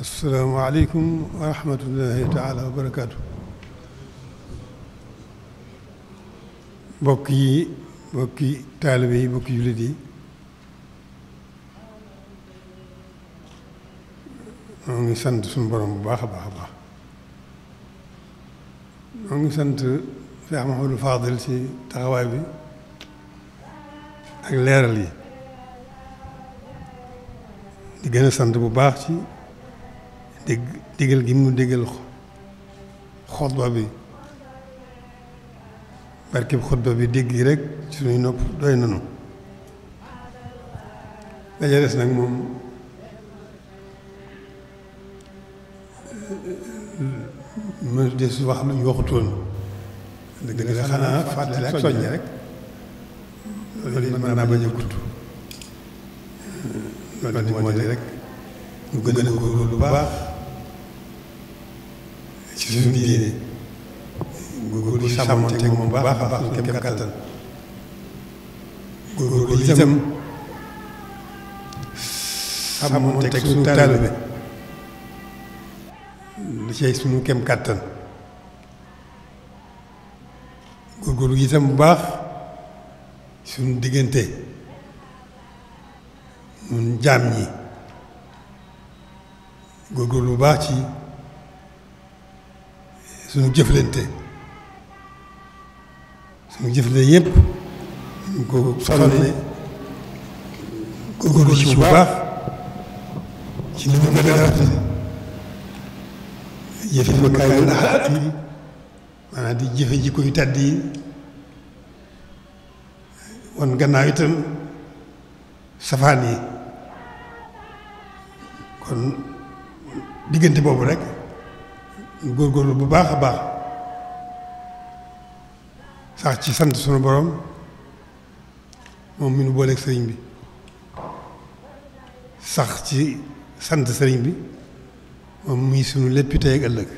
السلام عليكم ورحمة الله تعالى وبركاته mbokk yi mbokki taalibe yi mbokki jullit yi ñoo ngi sant suñu borom bu baax a baax a baax ñoo ngi sant Cheikh Mahamadou Fadil ci taxawaay bi ak leeral yi di gën a sant bu baax ci dégg digal gi mu digal xutba bi barkeb xutba bi dégg gi rek ci suñuy nopp doy nanu daja des nag moom mu euh, euh, des wax lu ñu waxutoon dëgg la xanaa fàttali ak soññi rek loolu mën naa bañ a gudd loolu di moo rek ñu gën a góorgóorlu bu baax ci suñu diine góorgóorlu sàmmanteeg moom baax a baax suñu kem kàttan góorgóorlu itam sàmmanteeg suñu kem kàttan góorgóorlu itam bu baax suñu diggante ñun jaam ñi góorgóorlu bu baax ci suñu jëflente sunu jëflante yépp ñu ko xam ne góorgóorlu ci bu baax ci li mu gën a jëfe di jëfe jikko yu tàdd wan gannaaw itam safaan diggante boobu rek góorgóorlu bu baax a baax sax ci sant sunu borom moom mi nu booleeg sëriñ bi sax ci sant sëriñ bi moom muy sunu léppi tey ak ëllëg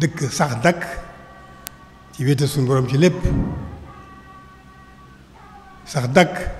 dëkk sax dakk ci wéete sunu borom ci lépp sax dakk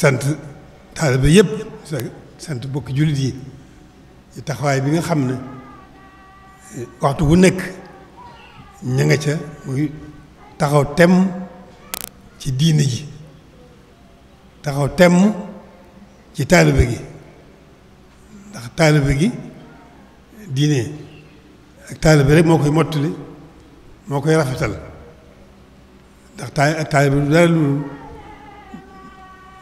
sant taalibe yépp sant bokk jullit yi ci taxawaay bi nga xam ne waxtu wu nekk ña nga ca muy taxaw temm ci diine ji taxaw temm ci taalibe gi ndax taalibe gi diine ak taalibe rek moo koy mottali moo koy rafetal ndax taalibe du dara lu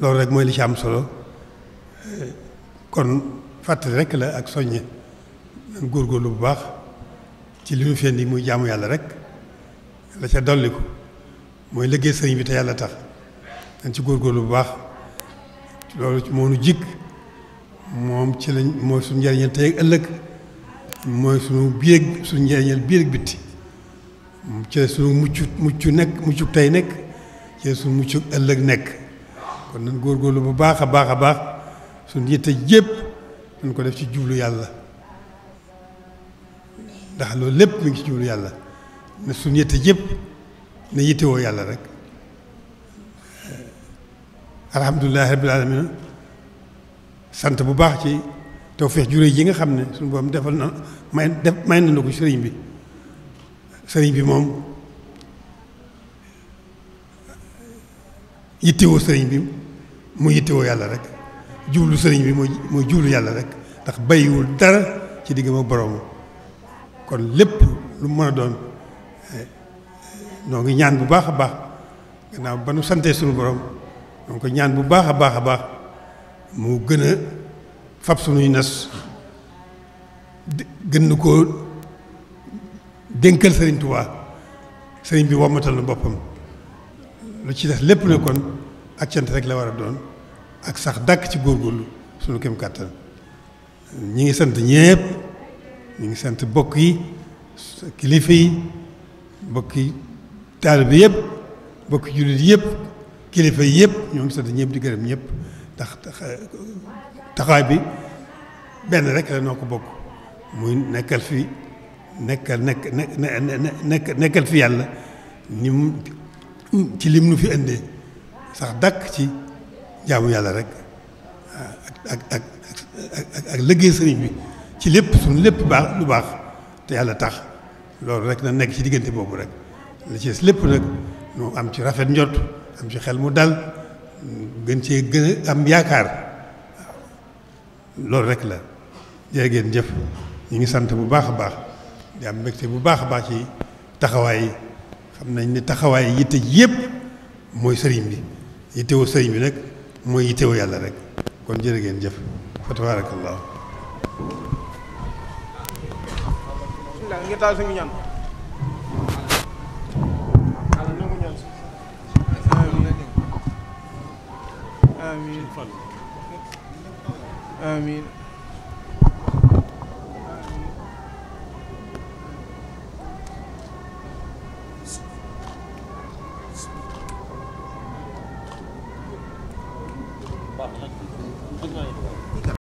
loolu rek mooy li ci am solo kon fàttali rek la ak soññe góorgóorlu bu baax ci li ñu feen di muy jaamu yàlla rek la ca dolli ko mooy liggéey sëriñ bi te yàlla tax dañ ci góorgóorlu bu baax loolu moo nu jikk moom ci lañ mooy suñu njëriñal tey ak ëllëg mooy suñu biir suñu njëriñal biir ak bitti ci suñu mucc mucc nekk muccuk tey nekk ci su muccuk ëllëg nekk kon nañ góorgóorlu bu baax a baax a baax suñ yitte jépp nañ ko def ci jublu yàlla ndax loolu lépp mi ngi ci jublu yàlla ne suñ yitte jépp ne yittewoo yàlla rek alhamdulilahi rabbil alamin sant bu baax ci tawfeex jure yi nga xam ne suñu borom defal na may def may na ko sëriñ bi sëriñ bi moom yittewoo sëriñ bi mu yittewoo yàlla rek jublu sëriñ bi mooy mooy jublu yàlla rek ndax bàyyiwul dara ci digg ma boroomu kon lépp lu mën a doon eh, noo ngi ñaan bu baax a baax gannaaw ba nu santee suñu borom donc ko ñaan bu baax a baax a baax mu gën a fab suñuy nas gën nu koo dénkal sëriñ Tuubaa sëriñ bi wommatal na boppam lu ci des lépp ne kon ak cant rek la war a doon ak sax dàkk ci góorgóorlu suñu kem kàttan ñi ngi sant ñépp ñi ngi sant bokk yi kilifa yi bokki taalibe yépp bokki jullit yépp kilifa yi yépp ñoo ngi sant ñépp di gërëm ñépp ndax taxawaay bi benn rek la noo ko bokk muy nekkal fi nekkal nekk nekkal fi yàlla ni ci lim nu fi indee sax dàkk ci jaamu yàlla rek ak ak ak ak liggéey sëriñ bi ci lépp suñu lépp baax lu baax te yàlla tax loolu rek na nekk ci diggante boobu rek la ci lépp nag mu am ci rafet njort am ci xel mu dal gën cee gën a am yaakaar loolu rek la jërë ngeen jëf ñu ngi sant bu baax a baax di am mbégte bu baax a baax ci taxawaay yi xam nañ ne taxawaay yitte ji yépp mooy sëriñ bi yittewoo sëriñ bi nag mooy yittewoo yàlla rek kon jërë ngeen jëf fa tabaarakallaahu amiin amiin